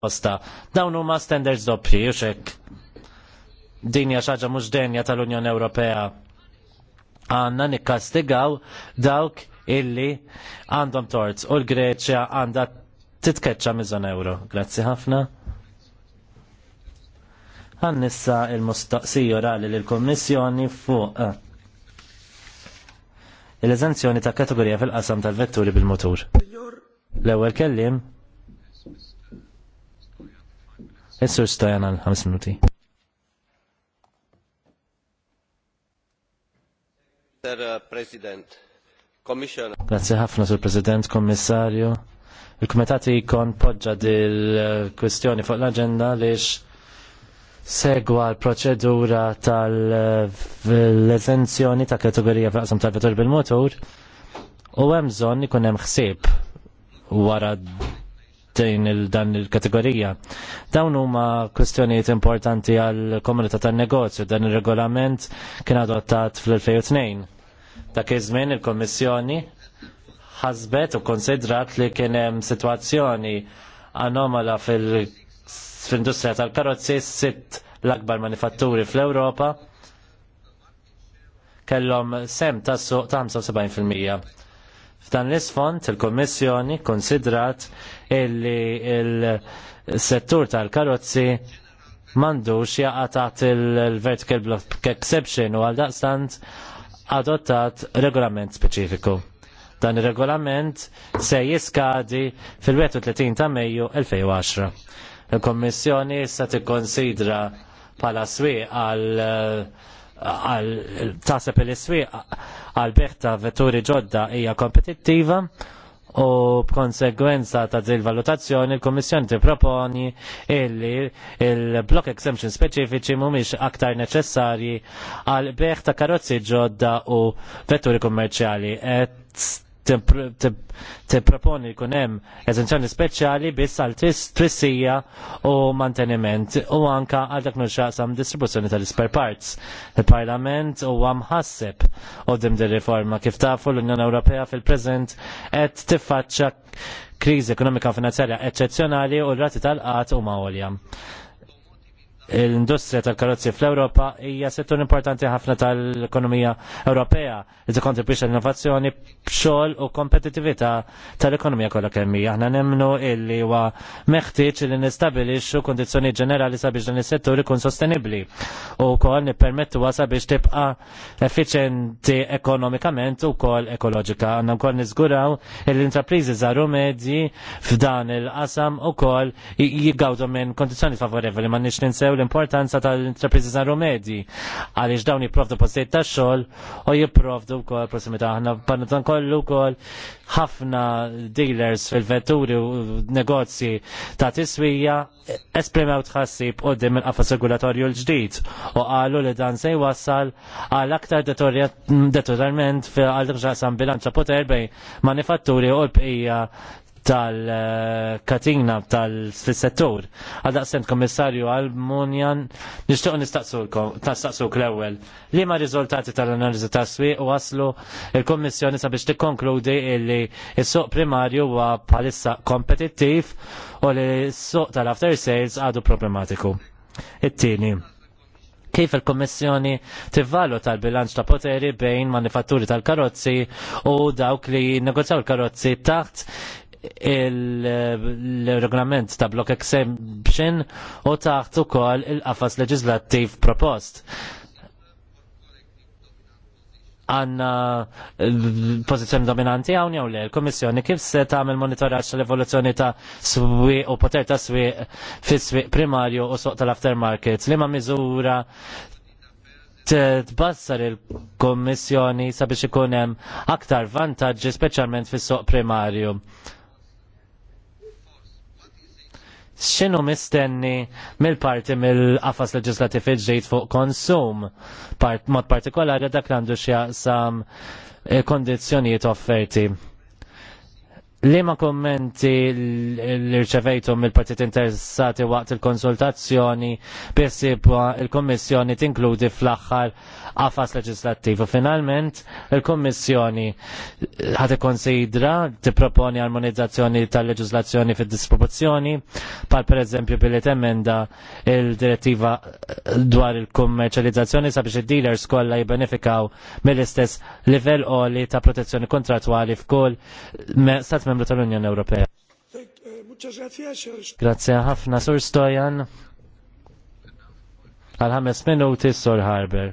posta. Dawn huma standards doppji u xek. Din hija xaġa mhux denja tal-Unjoni Ewropea. Għanna nikkastigaw dawk illi għandhom torts u l-Greċja għandha titkeċċa miżon euro. Grazzi ħafna. Għannissa il-mustaqsiju rali l komissjoni fuq eh, l-eżenzjoni ta' kategorija fil-qasam tal-vetturi bil-motur. L-ewwel kellim is Stajan stajana 5 minuti. Sir uh, President, Commissioner. Grazie ħafna, Sur President, Kommissarju. Il-Kumitati kon podġa dil-kwestjoni uh, fuq l-agenda lix segwa l-proċedura tal uh, ezenzjoni ta' kategorija f'raqsam tal-vetur bil-motor u hemm bżonn ikun hemm ħsieb wara tejn il-dan il-kategorija. Dawn huma kwestjonijiet importanti għal komunità tan-negozju dan ir-regolament kien adottat fl-2002. Dak iż-żmien il-Kommissjoni ħasbet u konsidrat li kien hemm sitwazzjoni anomala fil-industrija tal-karozzi sitt l-akbar manifatturi fl-Ewropa kellhom sem tas suq ta' 75%. F'dan l-isfond il-Kommissjoni konsidrat illi il-settur tal-karozzi mandux jaqatat il-vertical exception u għal-daqstant adottat regolament speċifiku. Dan il-regolament se jiskadi fil-31 ta' Mejju 2010. Il-Kommissjoni issa tikkonsidra pala swi għal eh, għal tasab il-iswieq għal beħta vetturi ġodda hija kompetittiva u b'konsegwenza ta' din valutazzjoni il-Kummissjoni tipproponi illi il-block exemption speċifiċi mhumiex aktar neċessarji għal beħ ta' karozzi ġodda u vetturi kummerċjali. Et t-proponi kunem eżenzjoni speċjali biss għal trissija u manteniment u anka għal dak nuxaqsam distribuzzjoni tal-spare parts. Il-Parlament u ħasseb u dim di riforma kif tafu l-Unjoni Ewropea fil-prezent et tiffaċċa kriżi ekonomika finanzjarja eccezzjonali u r-rati tal-qat u ma' l-industrija tal-karozzi fl-Ewropa hija settur importanti ħafna tal-ekonomija Ewropea li tikkontribwix l-innovazzjoni b'xogħol u kompetittività tal-ekonomija kollha kemm hija. Aħna nemmnu illi huwa meħtieġ li nistabilixxu kundizzjoni ġenerali sabiex dan is-settur ikun sostenibbli u wkoll nippermettuha sabiex tibqa' effiċjenti ekonomikament u wkoll ekoloġika. Għandna wkoll niżguraw il-intrapriżi żaru medji f'dan il-qasam ukoll jiggawdu minn kondizzjoni favorevoli ma nix ninsew l-importanza tal-intrapriżi żaru medji għaliex dawn jipprovdu postijiet ta' xogħol u jipprovdu wkoll prosimita ħna dan kollu wkoll ħafna dealers fil-vetturi u negozji ta' tiswija esprimew tħassib dim il-qafas regulatorju l-ġdid u qalu li dan se jwassal għal aktar deterjament għal ġasam bilanċa poter manifatturi u l-bqija tal-katina tal-fis-settur. Għaldaqsent komissarju għal-Munjan, nishtuq nistaqsuk l-ewel. Li ma rizultati tal-analizi ta' swi u waslu il-Kommissjoni sabiex tikkonkludi illi il-suq primarju huwa bħalissa kompetittiv u li s-suq tal-after sales għadu problematiku. It-tieni kif il-Kommissjoni tivvalu tal-bilanċ ta' poteri bejn manifatturi tal-karozzi u dawk li negozjaw il-karozzi taħt il-regolament ta' block exemption u taħt ukoll il-qafas leġislattiv propost. Għanna pozizjoni dominanti għawni għaw le, l-Komissjoni kif se tagħmel monitoraġġ l-evoluzzjoni ta' swi u poter ta' swi fis swi primarju u soq tal-aftermarkets li ma' miżura tbassar il-Komissjoni sabiex ikun hemm aktar vantaġġi speċjalment fis-soq primarju x'inhu mistenni mill-parti mill-qafas leġislattiv ġdid fuq konsum part, mod partikolari dak li għandu x'jaqsam eh, kondizzjonijiet offerti. Li ma kommenti l rċevejtu mill-partit interessati waqt il-konsultazzjoni bissibu il-Kommissjoni tinkludi fl-axħar għafas leġislattiv. U finalment il-Kummissjoni eh, ħad ikkonsidra tipproponi armonizzazzjoni tal-leġislazzjoni fid disproporzjoni pal pereżempju billi temenda il-direttiva eh, dwar il kommercializzazzjoni sabiex id-dealers kollha jibbenefikaw mill-istess livell oli ta' protezzjoni kontratwali f'kull stat membru tal-Unjoni Ewropea. Eh, Grazie ħafna, Sur Stojan. Għal ħames minuti, Sur Harber.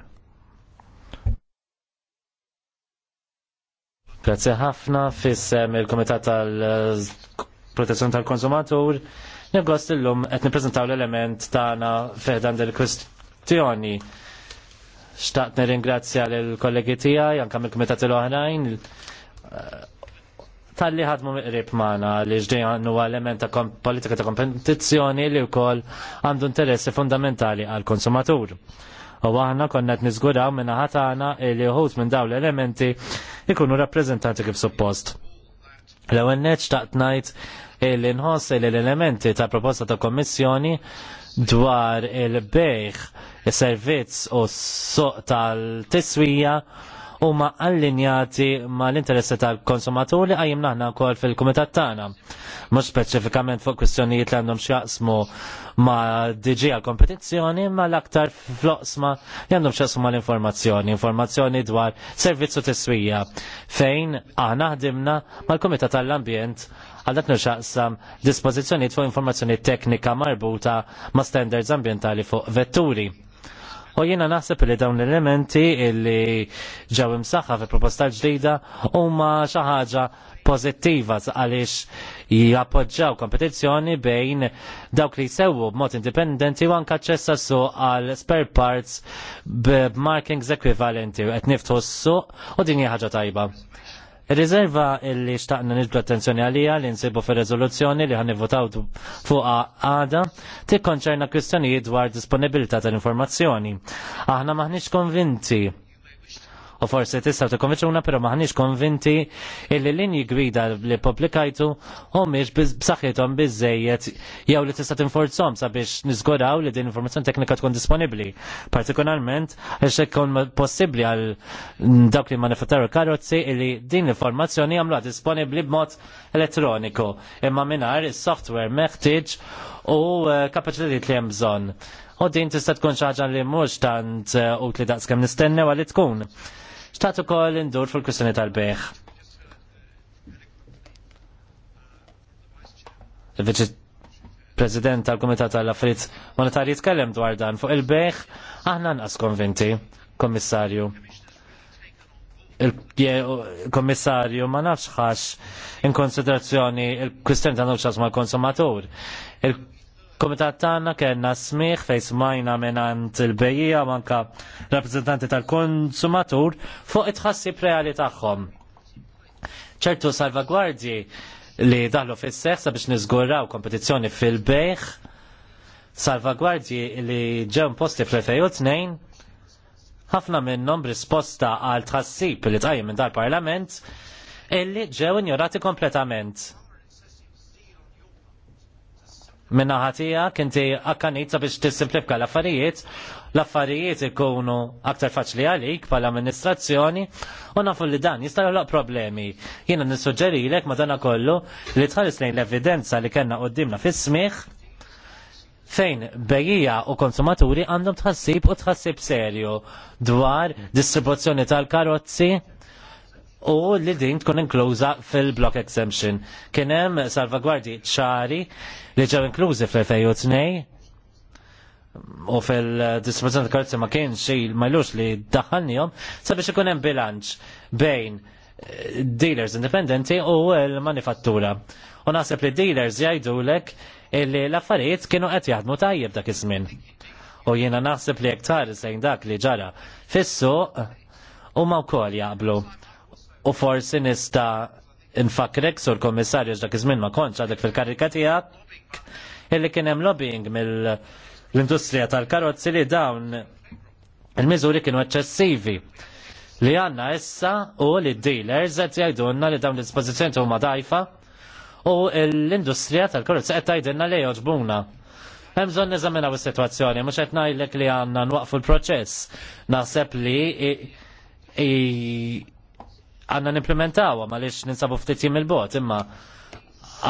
Grazie ħafna fissem il-Komitat tal-Protezzjoni tal-Konsumatur. Nibgost illum qed nippreżentaw l-element tagħna fehdan il-kwistjoni. Xtaqt nirringrazzja lill-kollegi tiegħi anke mill-Kumitat il-oħrajn eh, tal-li ħadmu miqrib maħna li ġdej għannu element ta' politika ta' kompetizzjoni li wkoll għandu interessi fundamentali għal konsumatur. U aħna konna qed niżguraw minna ħatana li uħut minn dawn l-elementi ikunu rappresentanti kif suppost. L-ewwel neċ ta' ngħid li nħoss li l-elementi ta' proposta ta' kommissjoni dwar il-bejħ, is-servizz u s-soq tal-tiswija huma allinjati ma l-interessi tal-konsumaturi għajim naħna kol fil-komitat tagħna. Mhux speċifikament fuq kwistjonijiet li għandhom x'jaqsmu ma diġi għal kompetizzjoni ma l-aktar floqsma li għandhom x'jaqsmu ma l-informazzjoni, informazzjoni dwar servizzu tiswija fejn aħna ħdimna mal-Komitat tal-Ambjent għal dak nixaqsam dispożizzjonijiet fuq informazzjoni teknika marbuta ma standards ambientali fuq vetturi. U jiena naħseb li dawn l-elementi li ġew imsaħħa fi proposta ġdida huma xi ħaġa pożittiva għaliex jappoġġaw kompetizzjoni bejn dawk li jsewwu b'mod indipendenti u anke ċessa suq għal spare parts b'markings ekwivalenti u qed niftħu s-suq u din hija ħaġa tajba. Il-rizerva li xtaqna nġbdu attenzjoni għalija li nsibu fi rezoluzzjoni li għan votaw fuqa għada tikkonċerna kwistjonijiet dwar disponibilità tal-informazzjoni. Aħna maħniġ konvinti u forsi tistaw tikkonvinċuna però maħniex konvinti illi linji gwida li publikajtu homiex b'saħħithom biżejjed jew li tista' tinforzhom sabiex niżguraw li din informazzjoni teknika tkun disponibbli. Partikolarment għax ikun possibbli għal dawk li manifattaru karozzi illi din l-informazzjoni għamluha disponibbli b'mod elettroniku imma mingħajr is-software meħtieġ u eh, kapaċitajiet li hemm bżonn. U din tista' tkun xi li mhux tant eh, utli daqs kemm nistennew għalli tkun. Statu kol indur fil-kwistjoni tal-beħ. Il-Viċi President tal-Komitat tal-Affarijiet Monetari jitkellem dwar dan fuq il-beħ, aħna nqas konvinti, Kommissarju. Il-Kommissarju ma nafx xax in konsiderazzjoni il-kwistjoni tal nuċas ma konsumatur il Komitat tagħna kellna smigħ fejn smajna mingħand il-bejjija manka rappreżentanti tal-konsumatur fuq it-ħassib reali tagħhom. ċertu salvagwardji li daħlu fis seħħ sabiex niżguraw kompetizzjoni fil-bejħ, salvagwardji li ġew posti fl-2002 ħafna minnhom risposta għal tħassib li tqajjem minn dal-Parlament illi ġew injorati kompletament minna ħatija kinti akkanit sabiex tissimplifika l-affarijiet, l-affarijiet ikunu aktar faċli għalik pal amministrazzjoni u nafu li dan jistaw laq problemi. Jiena nissuġġeri lek madana kollu li tħares lejn l-evidenza li kena qoddimna fis smigħ fejn bejija u konsumaturi għandhom tħassib u tħassib serju dwar distribuzzjoni tal-karozzi u li din tkun inkluża fil-block exemption. Kien hemm salvagwardji ċari li ġew inklużi fl-2002 u fil-distribuzzjoni tal-karozza ma kienx xi majlux li daħalnihom sabiex ikun hemm bilanċ bejn eh, dealers indipendenti u l-manifattura. U naħseb li dealers jgħidulek illi l-affarijiet kienu qed jaħdmu tajjeb dak iż-żmien. U jiena naħseb li iktar sejn dak li ġara fis-suq huma wkoll jaqblu u forsi nista nfakrek sur komissarju ġdak izmin ma konċ għadek fil karika tijak illi kienem lobbying mill-industrija tal-karozzi li dawn il-mizuri kienu eccessivi li għanna issa u li dealers għed jajdunna li dawn l-dispozizjoni huma dajfa u l-industrija tal-karozzi għed jajdunna li joġbuna. Hemżon neżaminaw is-sitwazzjoni, mhux qed ngħidlek li għandna nwaqfu l-proċess. Naħseb li għanna nimplementawa ma lix ninsabu ftit il-bot imma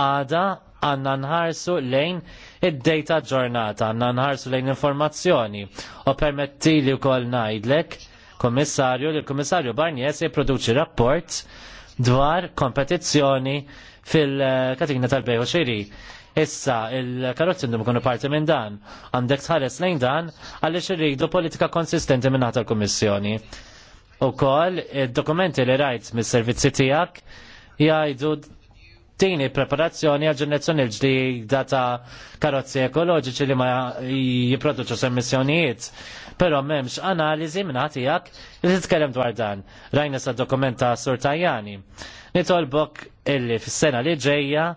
għada għanna nħarsu lejn id-data ġornata, għanna nħarsu lejn informazzjoni u permetti li u kol najdlek komissarju li l-komissarju Barnier se produċi rapport dwar kompetizzjoni fil-katina tal-bej xiri. Issa, il-karotzindum kunu parti minn dan, għandek tħares lejn dan, għalix irridu politika konsistenti minn ħata l-Komissjoni. U kol, dokumenti li rajt mis servizzi tijak jgħidu tini preparazzjoni għal ġenerazzjoni l-ġdida ta' karozzi ekoloġiċi li ma jiproduċu s'emmissjonijiet. Pero memx analizi minna tijak li titkellem dwar dan. Rajna sa' dokumenta sur tajjani. Nitolbok illi fis-sena li ġejja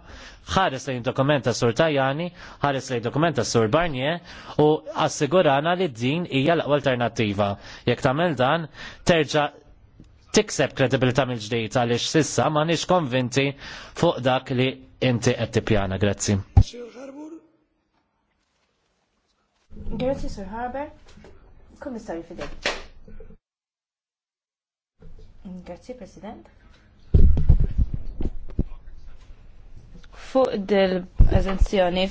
ħares lejn dokumenta sur Tajani, ħares lejn dokumenta sur Barnier u assigurana li din hija l alternativa alternattiva. Jekk tagħmel dan, terġa' tikseb kredibilità mill-ġdejt għaliex sissa ma nix konvinti fuq dak li inti qed tippjana. Grazzi. Grazzi Sur Harber, Kummissarju Fidel. Grazzi President. fuq dil-eżenzjoni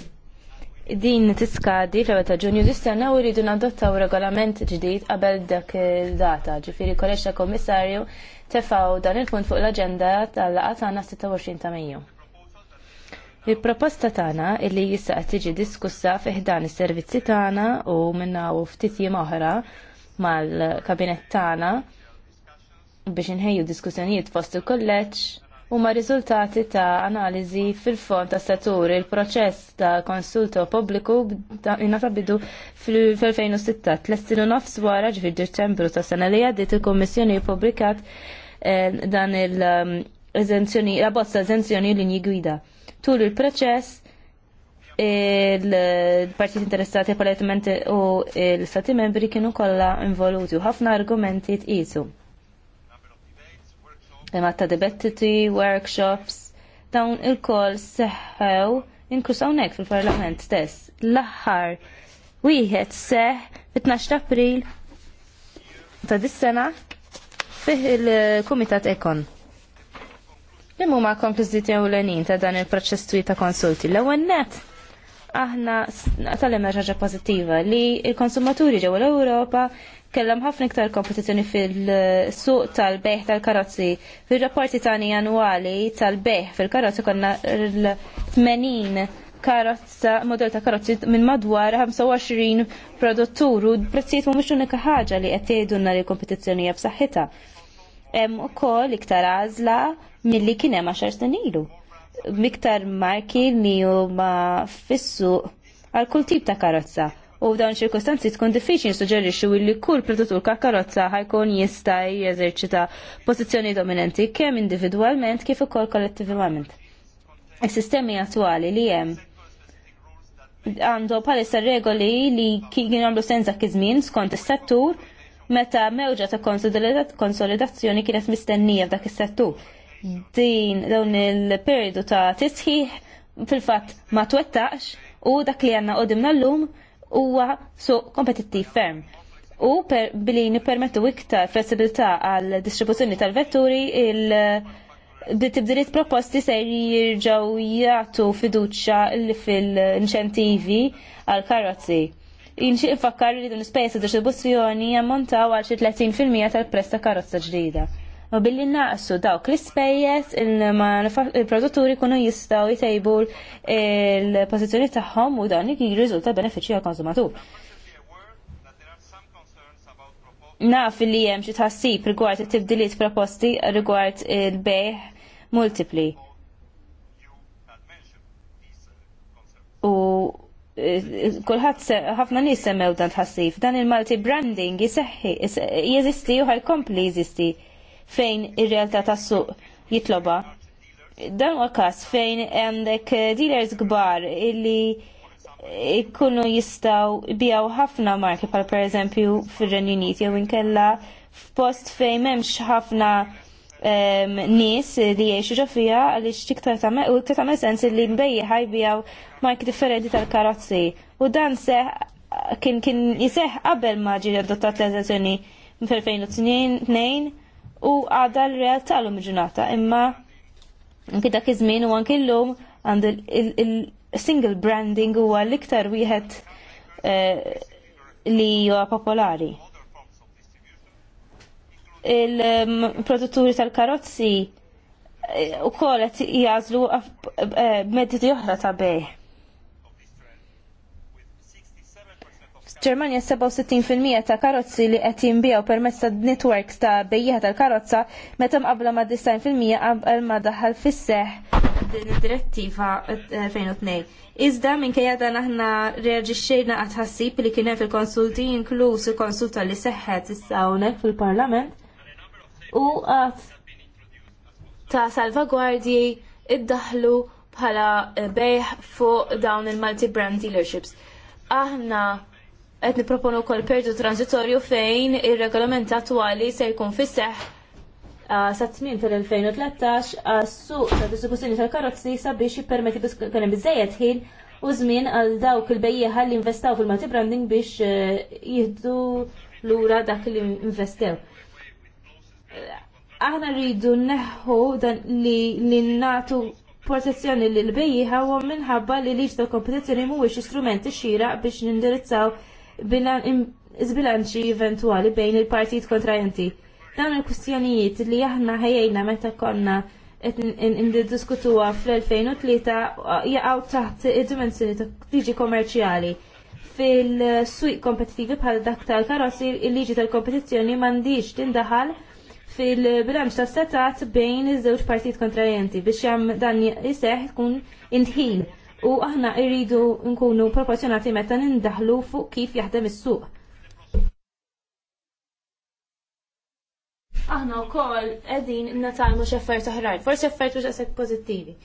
din tiskadi fl ta' ġunju dis-sena u rridu nadottaw regolament ġdid qabel dak il-data. Ġifieri kolleġ ta' kommissarju tefaw dan il-punt fuq l-aġenda tal-laqgħa tagħna 26 ta' Mejju. Il-proposta tagħna illi jista' qed tiġi diskussa fih dan is-servizzi tagħna u minna u ftit oħra mal-kabinet tagħna biex inħejju diskussjonijiet fost il-kolleġġ huma riżultati ta' analiżi fil-fond ta' settur il-proċess ta' konsulto pubbliku innata bidu fil-2006 tlestilu nofs wara ġifir ċembru ta' sena li għaddit il-Kommissjoni pubblikat eh, dan il-eżenzjoni, um, la bozza eżenzjoni linji gwida. Tul il-proċess il-partit interessati pal u l-stati membri kienu kollha involuti u ħafna argumenti t-isu imma ta' dibettiti, workshops, dawn il koll seħħew inkrusaw hawnhekk fil-Parlament stess. L-aħħar wieħed seħ fit-12 April ta' dis-sena fih il-Kumitat Ekon. Nimmu ma' konklużiti ewlenin ta' dan il-proċess ta' konsulti. L-ewwel net aħna tal-emerġaġa pożittiva li il-konsumaturi ġew l-Ewropa tkellem ħafna iktar kompetizzjoni fil-suq tal-beħ tal-karozzi. Fil-rapporti tani annwali tal-beħ fil-karozzi konna l-80 karozza, model ta' karozzi minn madwar 25 produttur u prezzijiet mhumiex unika ħaġa li qed jgħidulna li kompetizzjoni hija Hemm ukoll iktar għażla milli kien hemm għaxar snin ilu. Miktar marki li huma fissu għal kull tip ta' karozza u f'dawn ċirkostanzi tkun diffiċli nissuġġerixxu li kull produttur ka' karozza ħajkun jista' jeżerċita pożizzjoni dominanti kemm individwalment kif ukoll kollettivament. Is-sistemi attwali li hemm għandu bħalissa regoli li kienu għamlu senza kizmin skont is-settur meta mewġa ta' konsolidazzjoni kienet mistennija f'dak is-settur. Din dawn il-periodu ta' tisħiħ fil-fatt ma twettaqx u dak li għanna qodimna l-lum huwa so kompetittiv ferm u per, billi nipermettu iktar flessibilità għal distribuzzjoni tal-vetturi il tibdiliet proposti se jirġaw jagħtu fiduċja fil-inċentivi għal karozzi. Inċi infakkar li din l-ispejjeż ta' distribuzzjoni jammontaw għal xi 30% tal-prezz ta' karozza ġdida u billi naqsu dawk l-ispejjeż il-produtturi kunu jistgħu jtejbu l-pożizzjoni tagħhom u dan jirriżulta benefiċċju għall-konsumatur. Naf li hemm xi tħassib rigward it-tibdiliet proposti rigward il-bejħ multipli. U eh, kulħadd ħafna nies semmew dan tħassif. Dan il-multi branding jiseħħi jeżisti u ħajkompli jeżisti fejn ir-realtà tas-suq jitloba. Dan huwa każ fejn għandek dealers kbar illi ikunu jistaw bijaw ħafna marki pal per eżempju fil-Renju Unit jew inkella f'post fejn m'hemmx ħafna ehm, nies li jgħixu ġo fiha għaliex tiktar tagħmel u iktar tagħmel sens li mbejjeħ ħajbijaw marki differenti tal-karozzi. U dan seħ kien kien jiseħ qabel ma ġiri adottat l-eżazzjoni fil-2002 u għada l-realtà l-lum ġurnata imma anki dak iż-żmien u anki l-lum għand il-single branding huwa l-iktar wieħed eh, li huwa popolari. Il-produtturi tal-karozzi eh, u kolet jazlu eh, metodi oħra ta' bej. Ġermanja 67% ta' karozzi li qed jinbiegħu permezz ta' networks ta' bejjeħ tal-karozza meta mqabbla ma' 90% qabel ma daħal fis-seħ din id-direttiva 2002. Eh, Iżda minkejja dan aħna reaġixxejna għad ħassib li kien hemm fil-konsulti inkluż il-konsulta li seħħet issa hawnhekk fil-Parlament u qatt ta' salvagwardji iddaħlu bħala eh, bejħ fuq dawn il-multi brand dealerships. Aħna qed niproponu wkoll perdu transitorju fejn ir-regolament attwali se jkun fisseħ ah, sa tmiem tal-2013 għas-suq ta' distribuzzjoni tal-karozzi sabiex jippermetti kien hemm biżejjed ħin u żmien għal dawk il-bejjeħa li investaw fil-multi branding biex eh, jieħdu lura dak li investew. Aħna rridu neħu dan li natu protezzjoni li l-bejjiħa u minħabba li liġ tal kompetizzjoni mhuwiex istrumenti xira biex nindirizzaw zbilanċi eventuali bejn il-partijiet kontrajenti. Dawn il-kustjonijiet li aħna ħajjajna meta konna indiskutuwa fl-2003 jaqgħu taħt id-dimensjoni ta' liġi kommerċjali. Fil-suq kompetitivi bħal dak tal-karozzi il-liġi tal-kompetizzjoni m'għandix tindaħal fil-bilanċ tas setat bejn iż-żewġ partijiet kontrajenti biex jam dan jiseħ tkun intħin u aħna irridu nkunu proporzjonati meta nindaħlu fuq kif jaħdem is-suq. Aħna wkoll qegħdin natalmu x'affarijiet oħrajn, forsi affarijiet mhux qasek pożittivi.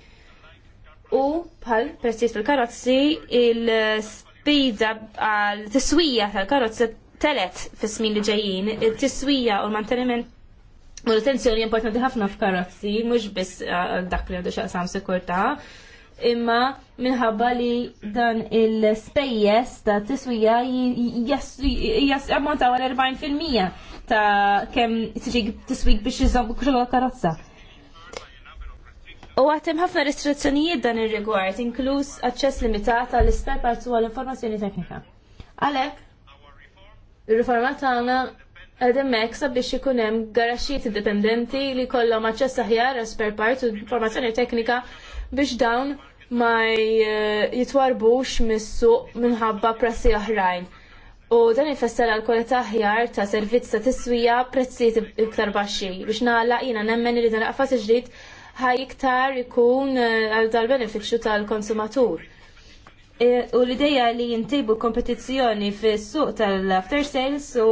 U bħal prezzijiet tal karozzi il-spida għal tiswija tal-karozzi telet fis-smin li ġejjin, it-tiswija u l-manteniment U l-attenzjoni importanti ħafna f'karozzi, mhux biss dak li għadu xaqsam sikurta, imma minħabba li dan il-spejjes ta' tiswija jammontaw għal 40% ta' kem tiswik biex jizom għal karozza. U għatem ħafna restrizzjonijiet dan il-rigward, inkluż aċċess limitat għall ispar partu għall-informazzjoni teknika. Għalek, il-riforma tagħna għademmek sabiex ikunem garaxiet indipendenti li kollom aċċess aħjar għal spare part u informazzjoni teknika biex dawn ma jitwarbux mis-suq minħabba prezzi oħrajn. U dan jfessel għal kwalità aħjar ta' servizz ta' tiswija prezzijiet iktar baxxi biex nagħlaq jiena nemmen li dan qafas ġdid ħaj iktar ikun eh, għal dal-benefiċċju tal-konsumatur. Eh, u l-ideja li jintejbu kompetizzjoni fis-suq tal-after sales u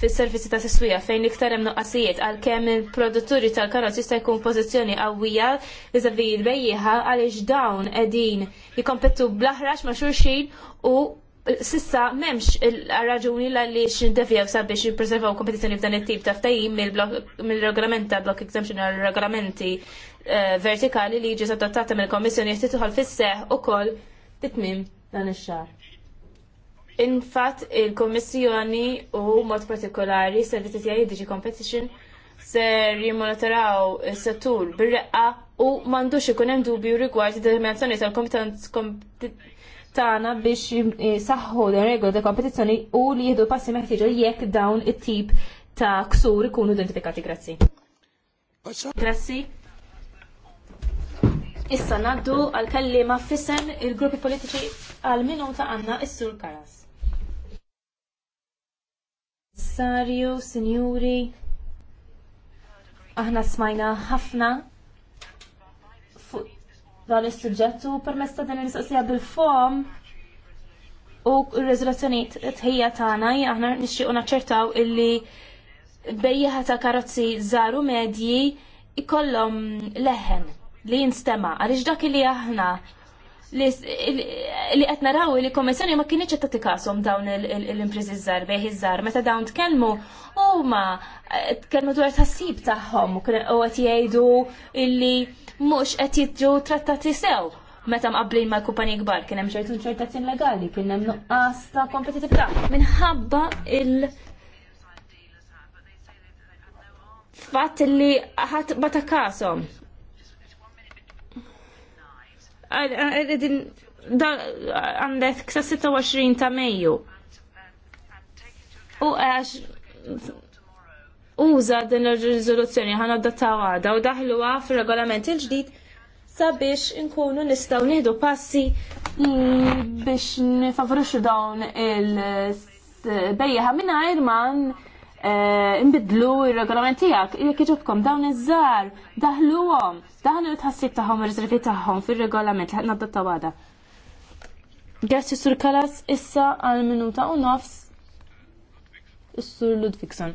fis-servizzi ta' siswija fejn iktar hemm noqqasijiet għalkemm il-produtturi tal-karozz jista' jkun pożizzjoni qawwija li l-bejjieħa għaliex dawn qegħdin jikompettu bl-aħrax ma' xulxin u sissa m'hemmx raġuni għaliex indevjaw sabiex jippreservaw kompetizzjoni f'dan it-tip ta' ftajim mill-regolament ta' block exemption għal regolamenti eh, vertikali li jiġi adottata mill-Kommissjoni jistitħol fis seħħ ukoll bitmim dan ix-xahar. Infatt il-Kommissjoni u mod partikolari servizzi tiegħi Digi Competition ser jimmonitoraw is-settur bir-reqqa u m'għandux ikun hemm dubju rigward id-determinazzjoni tal-kompetenz tagħna biex saħħu dan regola ta' kompetizzjoni u li jieħdu passi meħtieġa jekk dawn it-tip ta' ksur ikunu identifikati. Grazzi. Grazzi. Issa naddu għal-kellima fissem il-gruppi politiċi għal-minuta għanna is-sur Karas. Sarju, Signori, aħna smajna ħafna fuq dan is-suġġett u permezz ta' din il-mistoqsija bil-fom u r-reżolazzjonijiet tħejja tagħna aħna nixtiequ naċċertaw illi bejjaħa ta' karozzi żaru medji ikollhom leħen li jinstema' għaliex dak li aħna li qed naraw li kommissjoni ma kienx qed tagħti dawn l impreżi żgħar bejn iż-żgħar meta dawn tkellmu huma eh, tkellmu dwar tassib tagħhom u qed jgħidu illi mhux qed jiġu trattati sew meta mqablin ma' kumpaniji kbar kien hemm ċertu ċertazzi legali kien hemm nuqqas ta' kompetitività minħabba il- fatt li ħadd bata kasom għandet sa 26 ta' Mejju. U għax uża din ir-riżoluzzjoni ħana ta' għada u daħluha fir-regolament il-ġdid sabiex inkunu nistgħu nieħdu passi mm, biex nifavruxu dawn il-bejjeħa mingħajr ma' Eh, imbidlu il-regolament għak, jek iġobkom dawn iż-żar, għom, daħlu l-tħassib tagħhom rizrifi riservi fil fir-regolament li ħadna d-datta Sur Kalas issa għal minuta u nofs Sur Ludvigson.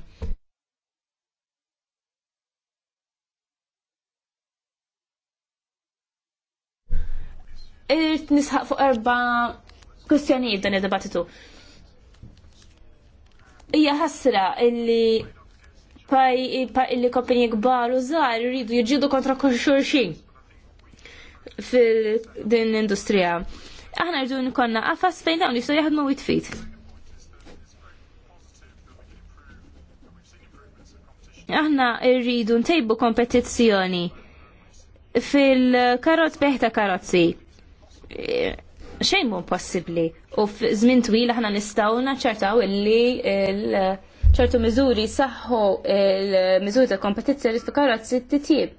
Irt nisħaq fuq erba' kwestjonijiet dan id debatitu hija ħasra illi illi kompanji kbar u żgħar rridu jġidu kontra xulxin fil-din l-industrija. Aħna rridu nkonna qafas fejn dawn jistgħu jaħdmu jitfit. Aħna rridu ntejbu kompetizzjoni fil karot beħta karozzi xejn mhu possibbli u f'żmien twil aħna nistgħu naċċertaw illi ċertu miżuri saħħu il-miżuri ta' kompetizzjoni t-tib.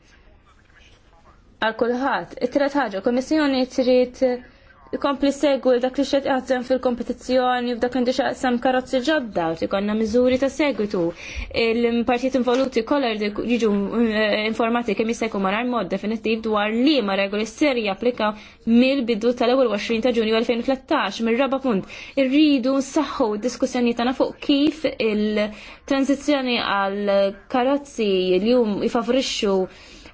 għal kulħadd. It-tret ħaġa, kommissjoni trid ikompli segwi dak li xed jaħdem fil-kompetizzjoni f'dak għandi xaqsam karozzi ġodda u tikonna miżuri ta' segwitu. Il-partijiet involuti kollha jiġu eh, informati kemm jista' jkun marar mod definittiv dwar li ma regoli seri japplikaw mill-bidu tal-ewwel 20 ta' Ġunju 2013 mir-raba punt. Irridu nsaħħu diskussjoni tagħna fuq kif il-tranzizzjoni għal karozzi li jum jifavorixxu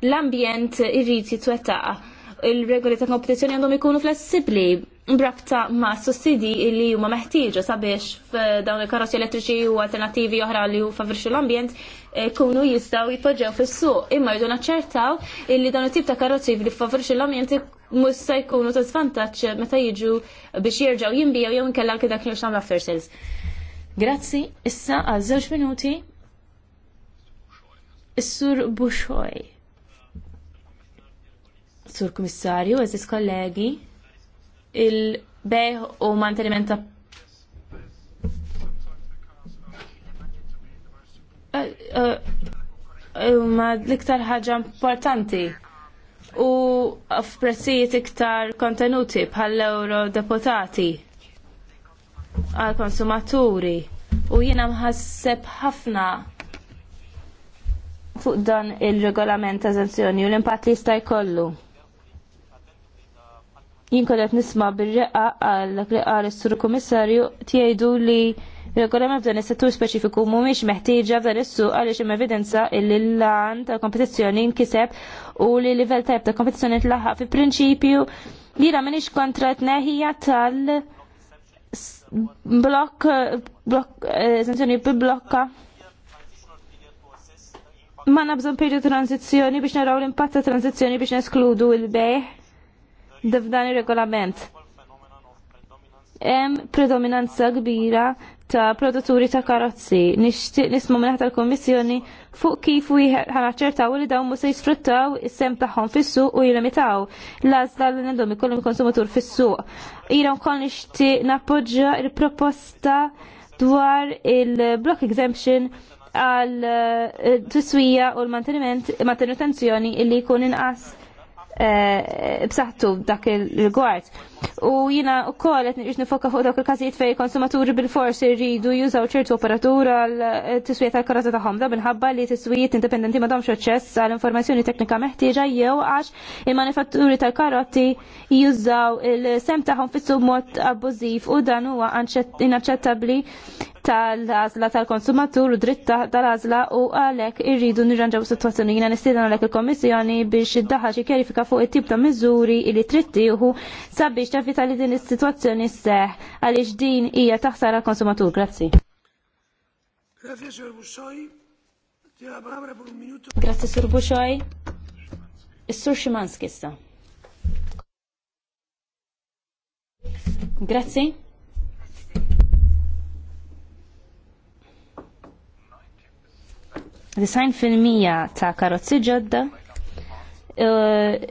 l-ambjent irrid jitwettaq il-regoli ta' kompetizzjoni għandhom ikunu flessibli brabta ma' sussidi li huma meħtieġa sabiex f'dawn il-karozzi elettriċi u alternativi oħra li hu favorixxu l-ambjent eh, kunu jistgħu jitpoġġew fis-suq imma jdu naċċertaw illi dawn it-tip ta' karozzi li favorixxu l-ambjent mhux se jkunu ta' svantaġġ meta jiġu biex jerġgħu jinbijaw jew inkella anke dak li xamla fersels. Grazzi, issa għal żewġ minuti Is-sur Buxoj. Sur Kummissarju, eżis kollegi, il-beħ u manteniment ta' eh, eh, eh, ma l-iktar ħaġa importanti u f'prezzijiet iktar kontenuti bħal euro deputati għal konsumaturi u jiena mħasseb ħafna fuq dan il-regolament eżenzjoni u l-impatt jista' jkollu jien kodet nisma bil-reqqa għal reqqa li qal komissarju sur li tgħidu li regolament f'dan is-settur speċifiku mhumiex meħtieġa f'dan is-suq għaliex hemm evidenza li l-lan tal-kompetizzjoni nkiseb u li l livell tajb ta' kompetizzjoni tlaħħaq fi prinċipju jiena m'iniex kontra t t-neħija tal blok blok eh, eżenzjoni blokka ma nabżon periodu tranzizjoni biex naraw l-impatt ta' tranzizjoni biex neskludu il-bejħ f'dan ir-regolament. Hemm predominanza kbira ta' produtturi ta' karozzi. Nixtieq nisma' minn tal-Kummissjoni fuq kif ħanaċċertaw li dawn mhux se jisfruttaw is-sem tagħhom fis-suq u jilimitaw l-għażla li għandhom ikollhom il-konsumatur fis-suq. Ira wkoll nixtieq nappoġġja l proposta dwar il-block exemption għal eh, tiswija u l-mantenimenti mantenutenzjoni illi jkun inqas Eh, b'saħħtu dak il-rigward. U jina u koll qed nirġ nifoka fuq dawk il-każijiet fejn konsumaturi bil-fors irridu jużaw ċertu operatura l- eh, tiswiet tal-karozza tagħhom da minħabba li tiswiet indipendenti ma domx aċċess għal informazzjoni teknika meħtieġa jew għax il-manifatturi tal-karotti jużaw il-sem tagħhom fis-sub mod abbużiv u dan huwa inaċċettabbli tal-għazla tal-konsumatur u dritt tal-għazla u għalek irridu nirranġaw situazzjoni jina nistidan għalek il-Komissjoni biex id-daħħa kjerifika fuq it-tip ta' miżuri li uħu sabiex tafita li din is-sitwazzjoni seħ għaliex din hija taħsara konsumatur. Grazzi. Grazie Sur Buxoj. Grazzi. Sur Buxoj. Sr. sur Ximanski Grazie. 90% ta' karozzi ġodda eh,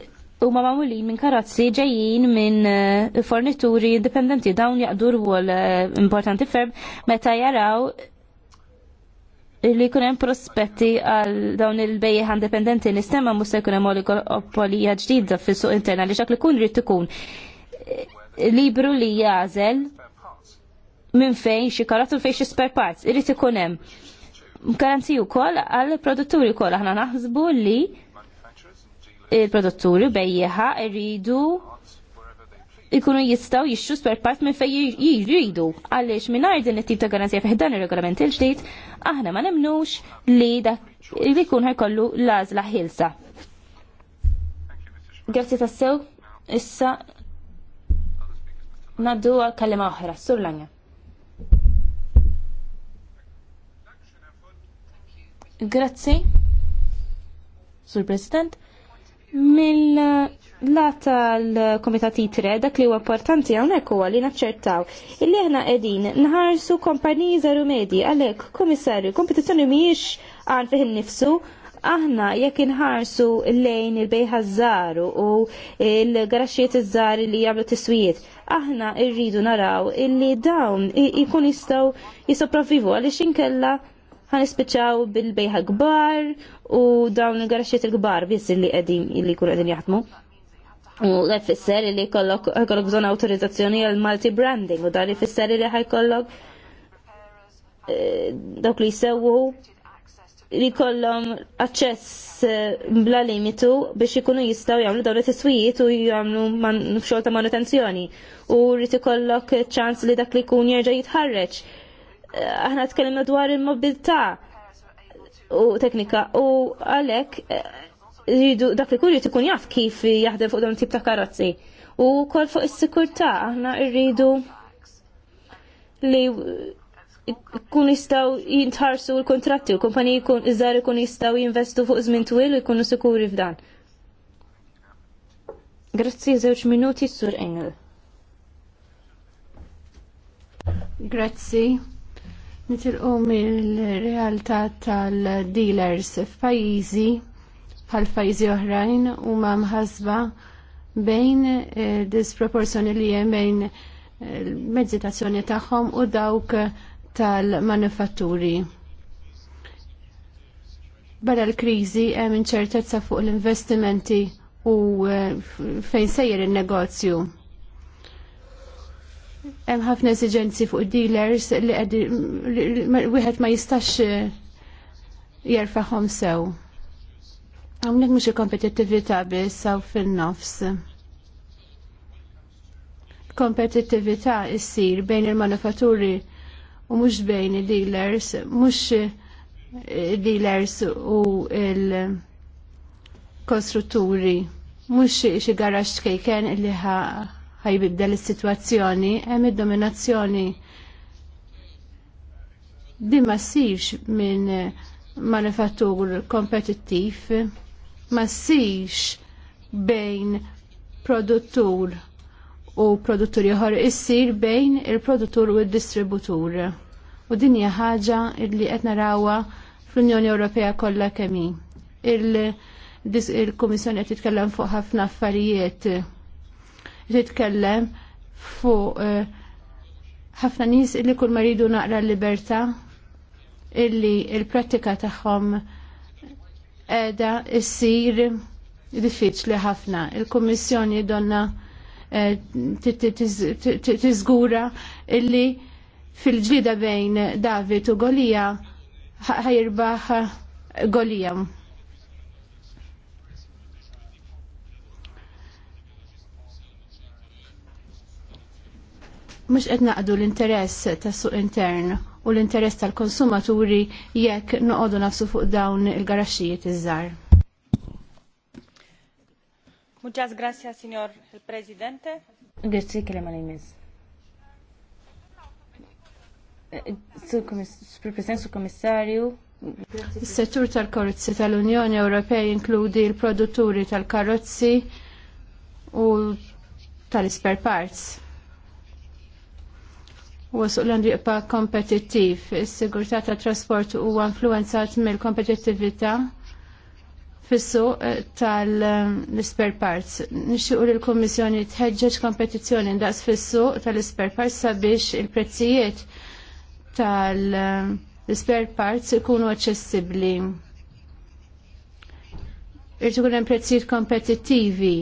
huma mamuli minn karozzi ġejjin minn eh, fornituri indipendenti dawn jaqdur rwol eh, importanti ferm meta jaraw li jkun hemm prospetti għal dawn il-bejjeħ indipendenti nistema mhux se jkun hemm oligopolija ġdida fis-suq interna li xakli kun rrid ikun libru li jażel minn fejn xi karozzi u fejn xi spare parts irid ikun hemm garanzi u koll għal-produtturi koll. Aħna naħsbu li il-produtturi bejjeħa irridu ikunu jistaw jixxu spare part minn fej jiridu. Għalix minnajr din it-tip ta' garanzija dan il-regolament il-ġdijt, aħna ma nemnux li dak li kun ħajkollu lażla ħilsa. Grazzi tassew, issa naddu għal kalima oħra, sur lanja. Grazzi, Sur President, mill lata tal-Komitat ITRE, dak li huwa importanti hawnhekk huwa li naċċertaw illi aħna qegħdin nħarsu kompaniji żaru medji għalhekk komissarju, kompetizzjoni mhijiex għan fih innifsu aħna jekk inħarsu lejn il-bejħa żaru u il-garaxxiet iż-żar li jagħmlu tiswijiet, aħna rridu naraw illi dawn ikun jistgħu jissopravvivu għaliex inkella ħanispiċaw bil-bejħa kbar u dawn il-garaxiet il-kbar biss li qegħdin li jkunu qegħdin jaħdmu. U għed fisser li kollok bżon autorizzazzjoni għal multi branding u dan li fisser li ħajkollok eh, dawk li jsewu li kollom aċċess eh, bla limitu biex ikunu jistaw jagħmlu dawn it-tiswijiet u jagħmlu xogħol ta' manutenzjoni. U rrid ikollok ċans li dak li jkun jerġa' jitħarreġ aħna tkellimna dwar il-mobilità u teknika u għalek jridu eh, dak li kull ikun jaf kif jaħdem fuq dawn tip ta' karozzi. U kol fuq is-sikurtà aħna rridu li kun jistaw jintħarsu l-kontratti, l-kumpaniji kun iżar kun jistaw jinvestu fuq żmien twil u jkunu sikuri f'dan. Grazzi żewġ minuti sur Engel. Grazzi nitilqu mill-realtà tal-dealers f'pajjiżi bħal pajjiżi oħrajn huma mħasba bejn eh, disproporzjoni li hemm bejn il eh, mezzitazzjoni tagħhom u dawk tal-manifatturi. Barra l-kriżi hemm inċertezza fuq l-investimenti u eh, fejn sejjer in-negozju hemm ħafna esiġenzi fuq dealers li wieħed ma jistax eh, jerfa'hom sew. Hawnhekk mhux il-kompetittività biss saw fin-nofs. Kompetittività issir bejn il-manufatturi u mhux bejn il-dealers, mhux eh, dealers u il-kostrutturi, mhux xi garax kejken li ħa ħajbidel is-sitwazzjoni hemm id-dominazzjoni din ma ssirx minn manifattur kompetittiv ma ssirx bejn produttur u produttur ieħor issir bejn il-produttur u d-distributur. U din hija ħaġa li qed narawha fl-Unjoni Ewropea kollha kemm il-Kummissjoni qed titkellem fuq ħafna affarijiet titkellem fuq eh, ħafna nies illi kull maridu naqra l-libertà illi il-prattika tagħhom qiegħda issir diffiċli ħafna. Il-Kummissjoni donna eh, tiżgura illi fil-ġlida bejn David u Golija ħajirbaħ Golija. mhux qed naqdu l-interess tas-suq intern u l-interess tal-konsumaturi jekk noqodu nafsu fuq dawn il-garaxxijiet iż żar Muchas gracias, signor Presidente. Grazie, kelema li miss. Sur Komissarju, Is-settur tal-karozzi tal-Unjoni Ewropej inkludi l-produtturi tal-karozzi u tal spare parts u suq l-onriqpa kompetittiv. Is-sigurtà tat trasport huwa influenzat mill-kompetittività fis-suq eh, tal-spare eh, parts. Nixtiequ li l-Kummissjoni tħeġġeġ kompetizzjoni ndaqs fis-suq tal-spare parts sabiex il-prezzijiet tal-spare eh, parts ikunu aċċessibbli. Irtu hemm prezzijiet kompetittivi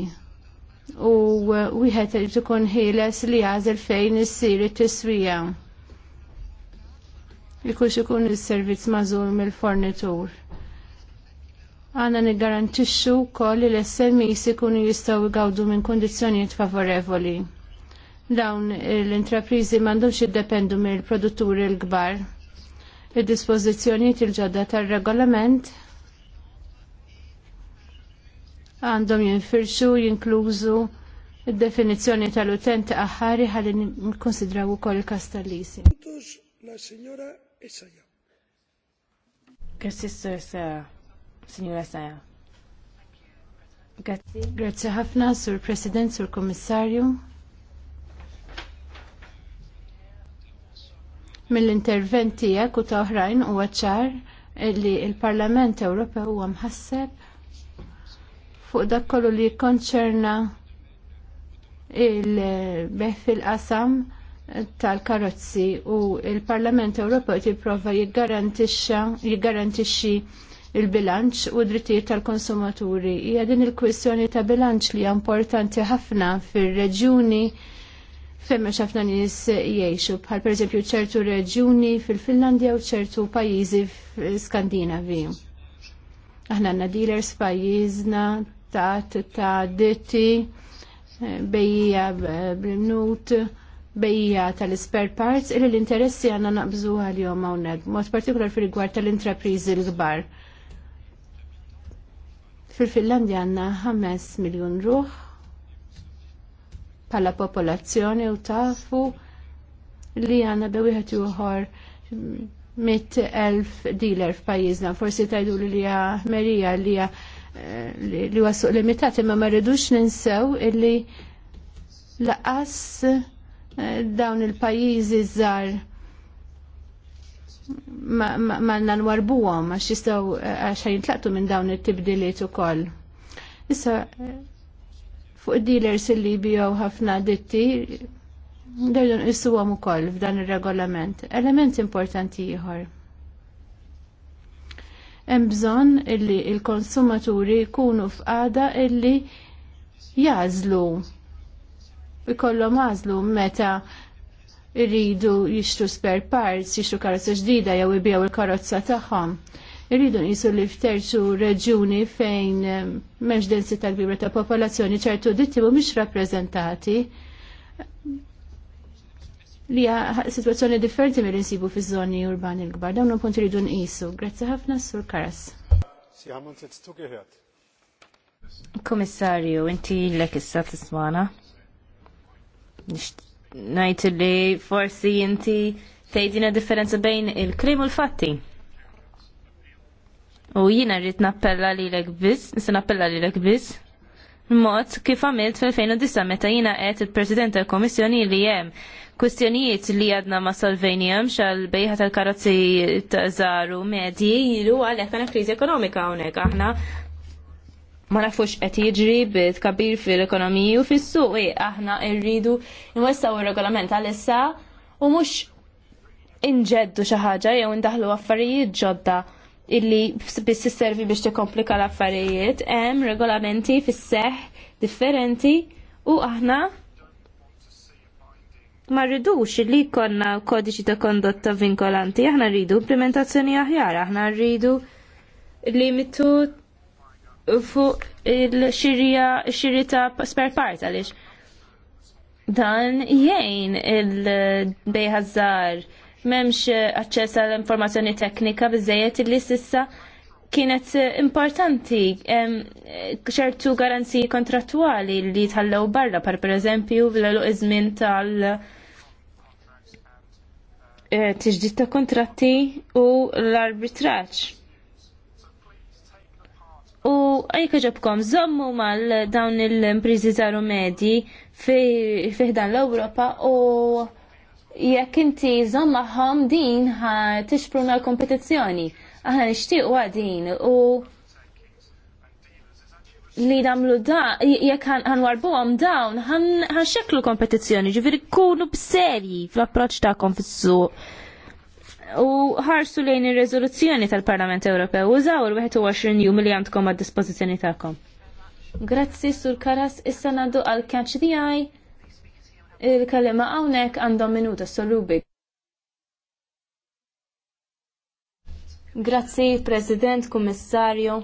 u uh, wieħed irid ikun ħieles li jażel fejn issir it-tiswija. Ikux ikun is-servizz magħżul mill-fornitur. Għanna niggarantixxu wkoll li l-SMEs ikunu jistgħu jgawdu minn kundizzjonijiet favorevoli. Dawn l-intrapriżi m'għandhomx jiddependu mill-produtturi l-kbar. Id-dispożizzjonijiet il-ġodda tar-regolament għandhom jinfirxu jinklużu id-definizzjoni tal-utenti aħħari ħalli nkonsidraw ukoll il kastallisi tal Grazie, signora Grazie ħafna, Sur President, Sur Kommissarju. mill interventi jek u ta' oħrajn huwa ċar li l-Parlament Ewropew huwa mħasseb fuq dak kollu li konċerna il-beħ fil-qasam tal-karozzi u il-Parlament Ewropew jipprova jiggarantixxi il-bilanċ u drittijiet tal-konsumaturi. Hija din il-kwistjoni ta' bilanċ li hija importanti ħafna fir-reġjuni fejn femma ħafna nies jgħixu bħal pereżempju ċertu reġjuni fil-Finlandja u ċertu pajjiżi skandinavi. Aħna għandna dealers f'pajjiżna. Tat ta' ditti bejja b'nut bejja tal-spare parts ili l-interessi għanna naqbżu għal-jom għawnek, mod partikolar fil rigward tal-intraprizi l-gbar. Fil-Finlandja għanna 5 miljon ruħ pala popolazzjoni u tafu li għanna bewiħat juħor mit elf dealer f'pajjiżna. Forsi tajdu li li merija li li wasu limitati limitat ma rridux ninsew illi laqas eh, dawn il-pajjiżi żgħar ma nanwarbuhom għax jistgħu eh, għax jintlaqtu minn dawn it-tibdiliet ukoll. Issa eh, fuq dealers illi bijaw ħafna ditti Derdun issuwam ukoll f'dan ir regolament Element importanti ieħor hemm bżonn illi il-konsumaturi jkunu f'qada illi jażlu Jkollhom għażlu meta irridu jixtru spare parts, jixtru karozza ġdida jew ibijaw il-karozza tagħhom. Irridu nisu li f'terċu reġuni fejn eh, m'hemmx densità kbira ta' popolazzjoni ċertu ditti mhumiex rappreżentati li situazzjoni differenti mill insibu fi zoni urbani l-kbar. Dawn punt ridun nqisu. Grazzi ħafna sur Karas. Komissarju, Kommissarju, inti l-ek issa tismana. Najt li forsi inti tgħidina differenza bejn il-krim u l-fatti. U jina rrit nappella li l-ek biz, nisa nappella li l-ek biz mod kif għamilt fil-2009 meta jina għet il-President tal-Komissjoni li jem kustjonijiet li għadna ma solvenjam xal bejħa tal-karotzi zaru medji jilu għalek għana krizi ekonomika għonek aħna ma nafux qed jiġri bit kabir fil-ekonomiji u fis-suq aħna rridu nwessaw ir-regolament għal u mhux inġeddu xi ħaġa jew indaħlu affarijiet ġodda illi bis servi biex tikkomplika l-affarijiet, hemm regolamenti fis-seħ differenti u aħna ma rridux li konna kodiċi ta' kondotta vinkolanti, aħna rridu implementazzjoni aħjar, aħna rridu limitu fuq il-xirja ta' spare part għaliex. Dan jgħin il-bejħazzar memx eh, aċċessa għal informazzjoni teknika bizzejiet li sissa kienet eh, importanti eh, ċertu garanziji kontrattuali li tħallew barra par per eżempju l izmin tal tiġdid ta' kontratti u l-arbitraċ. U għajka ġobkom, zommu mal dawn il-imprizi zaru medji fiħdan l-Europa u jekk inti zommaħom din ħa tixpruna l-kompetizzjoni. Aħna nixtiequ għadin u li damlu da, jekk warbu għam dawn, ħanxeklu kompetizzjoni, ġifiri kunu b'serji fl-approċ ta' fis-suq. U ħarsu lejn ir-rezoluzzjoni tal-Parlament Ewropew, użaw il-21 jum li għandkom għad-dispozizjoni ta'kom. Grazzi, Sur Karas, issa nandu għal-kanċ di Il-kalima hawnhekk għandhom minuta solubi. Grazzi, President, Kummissarju.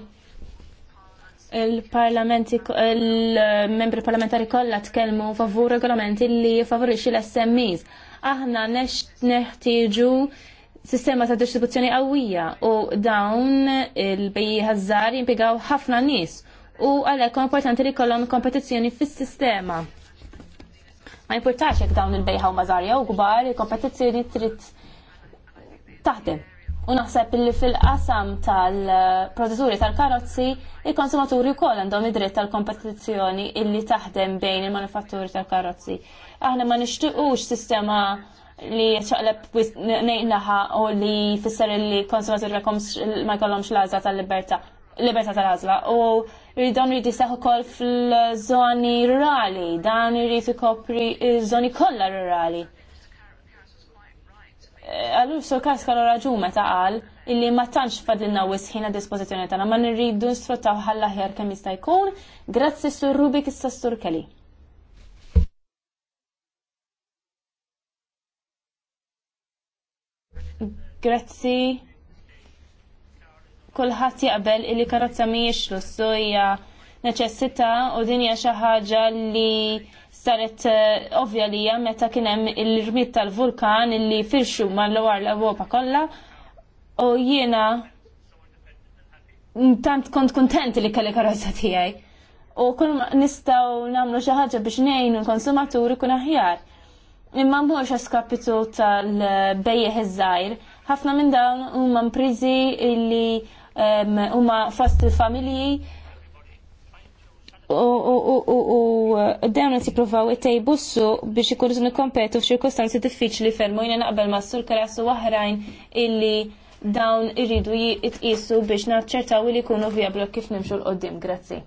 Il-parlamenti, il-membri parlamentari kollha tkellmu favur regolamenti li favorixxi l-SMEs. Aħna neħtieġu sistema ta' distribuzzjoni qawwija u dawn il-bejji ħażar jimpjegaw ħafna nies u għalhekk importanti li jkollhom kompetizzjoni fis-sistema. Ma jimportax jekk dawn il-bejħa u mażarja u kbar, il-kompetizzjoni trid taħdem. U naħseb li fil-qasam tal-produtturi tal-karozzi, il-konsumaturi wkoll għandhom id-dritt tal-kompetizzjoni illi taħdem bejn il manufatturi tal-karozzi. Aħna ma nixtiequx sistema li ċaqleb nejnaħa u li fisser li konsumaturi ma jkollhomx l-għażla tal-libertà, libertà tal-għażla. U li dan jrid jiseħ ukoll fil-żoni rurali, dan jrid kopri ż-żoni kollha rurali. Allur sur kas kallu raġun meta qal illi ma tantx fadilna wisħin a dispozizjoni tagħna ma nirridu nsfruttaw ħalla ħjar kemm jista' jkun, grazzi sur Rubi issa sur Kelly. Grazzi kulħadd jaqbel li karozza mhijiex lussu hija neċessità u din hija xi ħaġa li saret eh, ovvja li hija meta kien hemm il-rmit tal-vulkan illi firxu mal-lowar l-Ewropa kollha u jiena tant kont kontent li kelli karozza tiegħi. U kull nistgħu nagħmlu xi ħaġa biex ngħinu l-konsumaturi kun aħjar. Imma mhux eskapitu tal-bejjeħ iż-żgħir ħafna minn dawn huma mprizi li huma fost il-familji u dawn qed jippruvaw ittejbussu biex ikunu nikkompetu f'ċirkostanzi diffiċli fermu jiena naqbel ma' sur karassu oħrajn illi dawn irridu jitqisu biex naċċertaw li jkunu viablu kif nimxu l-qoddim. Grazzi.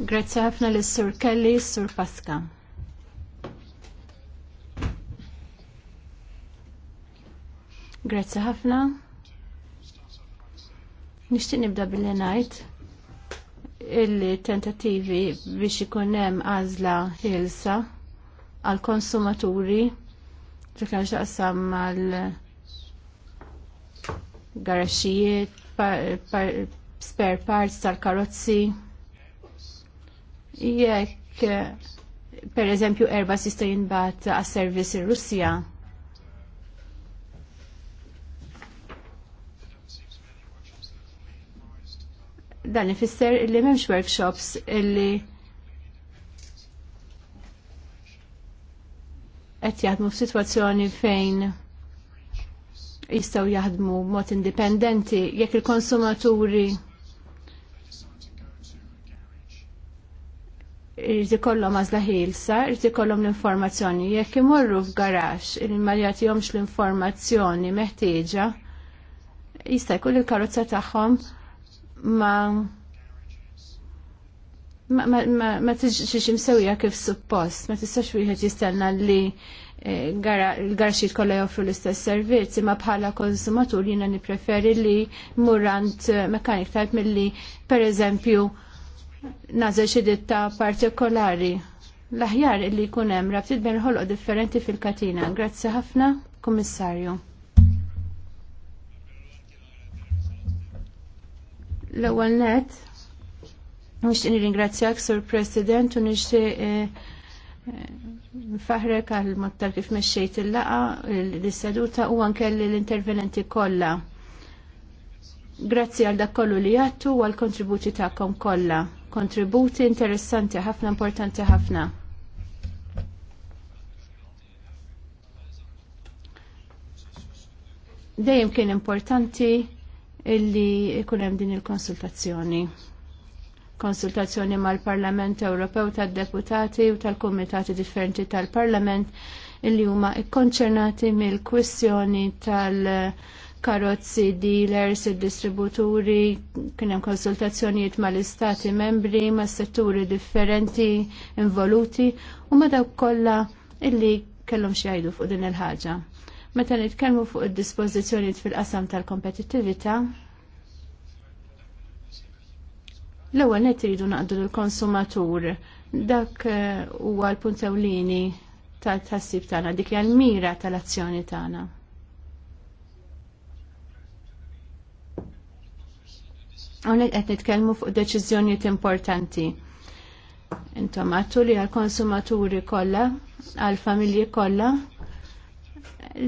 Grazzi ħafna lis sur Kelly, sur Pasqa. Grazzi ħafna nishtiq nibda billi ngħid il-tentativi biex ikun hemm għażla ħilsa għall konsumaturi li kien xaqsam għal garaxxijiet, spare parts tal-karozzi. Jekk pereżempju erba' s'ista' jinbat għas servis ir russija dan ifisser li m'hemmx workshops illi qed jaħdmu f'sitwazzjoni fejn jistgħu jaħdmu b'mod indipendenti jekk il-konsumaturi jrid ikollhom għażla ħilsa, jrid ikollhom l-informazzjoni. Jekk imorru f'garax il ma jagħtihomx l-informazzjoni meħtieġa, jista' jkun il-karozza tagħhom ma ma, ma, ma, ma tiġix imsewja kif suppost, ma tistax wieħed jistenna li eh, l-garxiet kollha joffru l-istess servizzi, ma bħala konsumatur jiena nippreferi li murant eh, mekanik tajb milli pereżempju nażel xi ditta partikolari. L-aħjar li jkun hemm rabtiet bejn ħolq differenti fil-katina. Grazzi ħafna, Kummissarju. L-ewwel net nixtieq nirringrazzjak sur President u nixtieq eh, eh, faħrek għal mottar kif mexxejt il-laqa l-seduta u anke l-intervenenti kollha. Grazzi għal dak kollu li għattu u għal kontributi tagħkom kollha. Kontributi interessanti ħafna importanti ħafna. Dejjem kien importanti illi ikunem din il-konsultazzjoni. Konsultazzjoni mal-Parlament Ewropew tad-deputati u tal-komitati differenti tal-Parlament illi huma ikkonċernati mill kwissjoni tal-karozzi dealers, il-distributuri, kienem konsultazzjonijiet mal-istati membri, ma' setturi differenti involuti u ma' dawk kollha illi kellhom xi jgħidu fuq din il-ħaġa. Meta nitkellmu fuq id-dispożizzjonijiet fil-qasam tal-kompetittività, l-ewwel net iridu naqdu l-konsumatur dak eh, huwa l-punt ewlieni tal-tassib tagħna, dik hija l-mira tal-azzjoni tagħna. Għonek qed nitkellmu fuq deċiżjonijiet importanti. Intom għattu li għal-konsumaturi kollha, għal-familji kollha,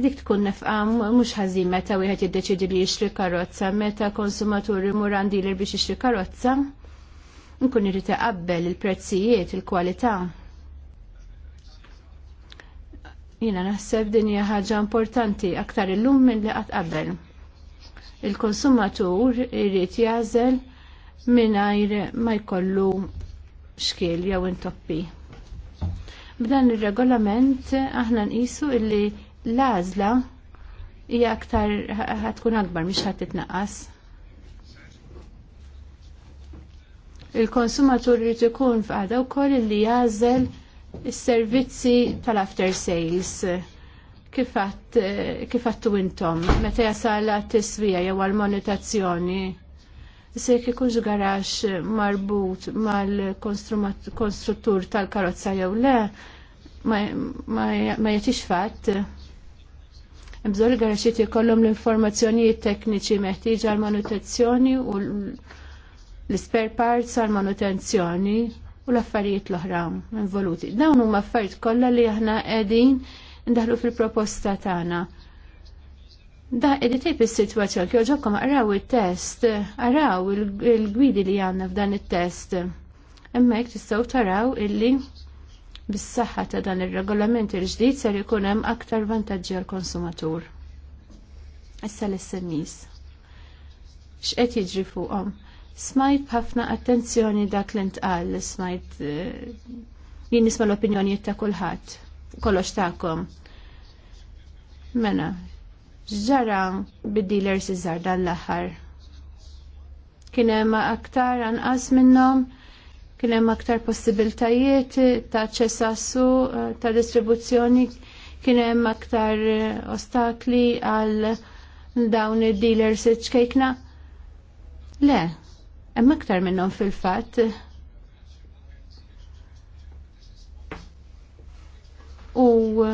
dik tkun nefqa mhux ħażin meta wieħed jiddeċidi li jixtri karozza, meta konsumaturi mur dealer biex jixtri karozza, nkun irid iqabbel il-prezzijiet, il-kwalità. Jiena naħseb din hija ħaġa importanti aktar illum minn li qatt qabel. Il-konsumatur irid jażel mingħajr ma jkollu xkiel jew intoppi. B'dan ir-regolament aħna nqisu illi l-għażla hija aktar ħatkun akbar mhix ħadd titnaqqas. Il-konsumatur jrid ikun f'għadha wkoll li jażel is-servizzi tal-after sales kif għattu intom, meta jasal t tiswija jew għal-monetazzjoni. Se kikunx garax marbut mal-konstruttur tal-karozza jew le, ma jatix fatt. Bżon il-garaxiet jikollhom l-informazzjonijiet tekniċi meħtieġa għal manutenzjoni u l-spare parts għal manutenzjoni u l-affarijiet l-oħra involuti. Dawn huma affarijiet kollha li aħna qegħdin ndaħlu fil-proposta tagħna. Da, id tip il-situazzjoni, kjo ġokkom għaraw il-test, araw il-gwidi li għandna f'dan il-test. hemmhekk tistaw taraw illi Bis-saħħa ta' dan ir-regolament il-ġdid ser ikun hemm aktar vantaġġi għall konsumatur Issa l-SMEs. X'qed jiġri fuqhom? Smajt b'ħafna attenzjoni dak li ntqal, smajt eh, jien nisma' l-opinjonijiet ta' kulħadd, kollox tagħkom. Mena, ġara bid-dealers iżgħar dan l-aħħar. Kien hemm aktar anqas minnhom kien hemm aktar possibiltajiet ta' aċċess għassu eh, ta' distribuzzjoni kien hemm aktar eh, ostakli għal dawn id-dealers iċkejkna. Le, hemm aktar minnhom fil-fatt. U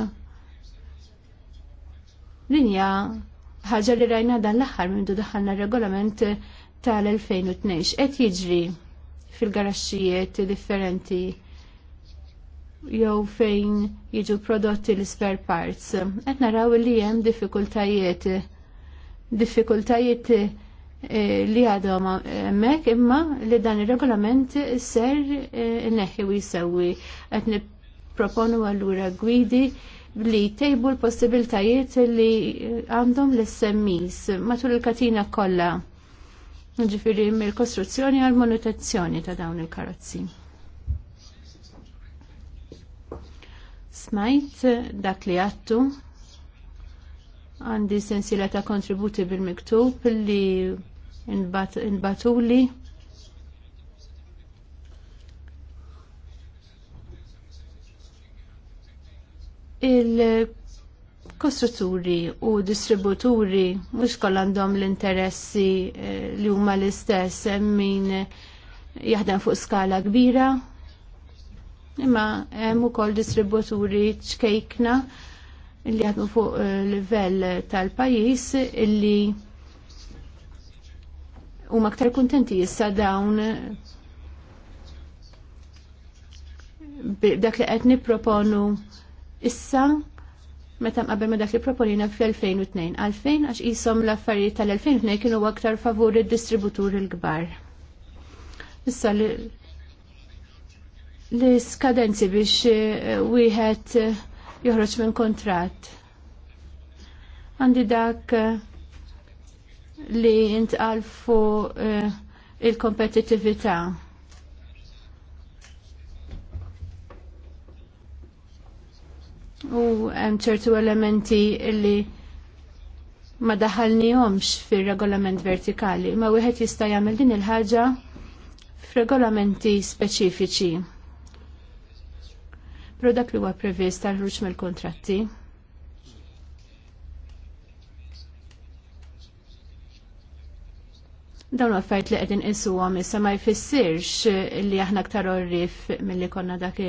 linja ħaġa li rajna dan l-aħħar minn daħalna regolament tal-2012. Qed jiġri fil-garaxxijiet differenti jew fejn jiġu prodotti l-spare parts. Qed naraw li hemm diffikultajiet diffikultajiet eh, li għadhom hemmhekk imma li dan ir-regolament ser eh, neħi u Qed nipproponu allura gwidi li tejbu l-possibiltajiet li għandhom l-SMEs matul il-katina kollha ġifiri mill-kostruzzjoni għal manutenzzjoni ta' dawn il-karozzi. Smajt dak li għattu għandi sensila ta' kontributi bil-miktub li nbatuli. In il kostruturi u distributuri mhux għandhom l-interessi eh, li huma l-istess min eh, jaħdem fuq skala kbira. Imma hemm ukoll distributuri ċkejkna li jaħdmu fuq eh, livell tal-pajjiż illi huma aktar kuntenti issa dawn dak li qed nipproponu issa meta qabel ma dak li proponina fl-2002. Għalfejn għax jisom l-affarijiet tal-2002 kienu aktar favur id-distributuri l-kbar. Issa li skadenzi biex eh, wieħed eh, joħroġ minn kontrat. Għandi dak eh, li intqal fuq il-kompetitività u hemm ċertu elementi illi ma jomx fir-regolament vertikali, ma wieħed jista' jagħmel din il-ħaġa f'regolamenti speċifiċi. Però dak li huwa previst tal-ħruġ mill-kontratti Dawn affarijiet li insu għam issa ma jfissirx li aħna aktar orrif milli konna dak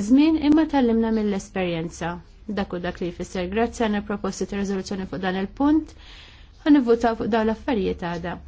iż-żmien imma tallimna mill-esperjenza. Dak u dak li jfisser grazzi għana proposti ta' riżoluzzjoni fuq dan il-punt ħanivvutaw fuq dawn l-affarijiet għada.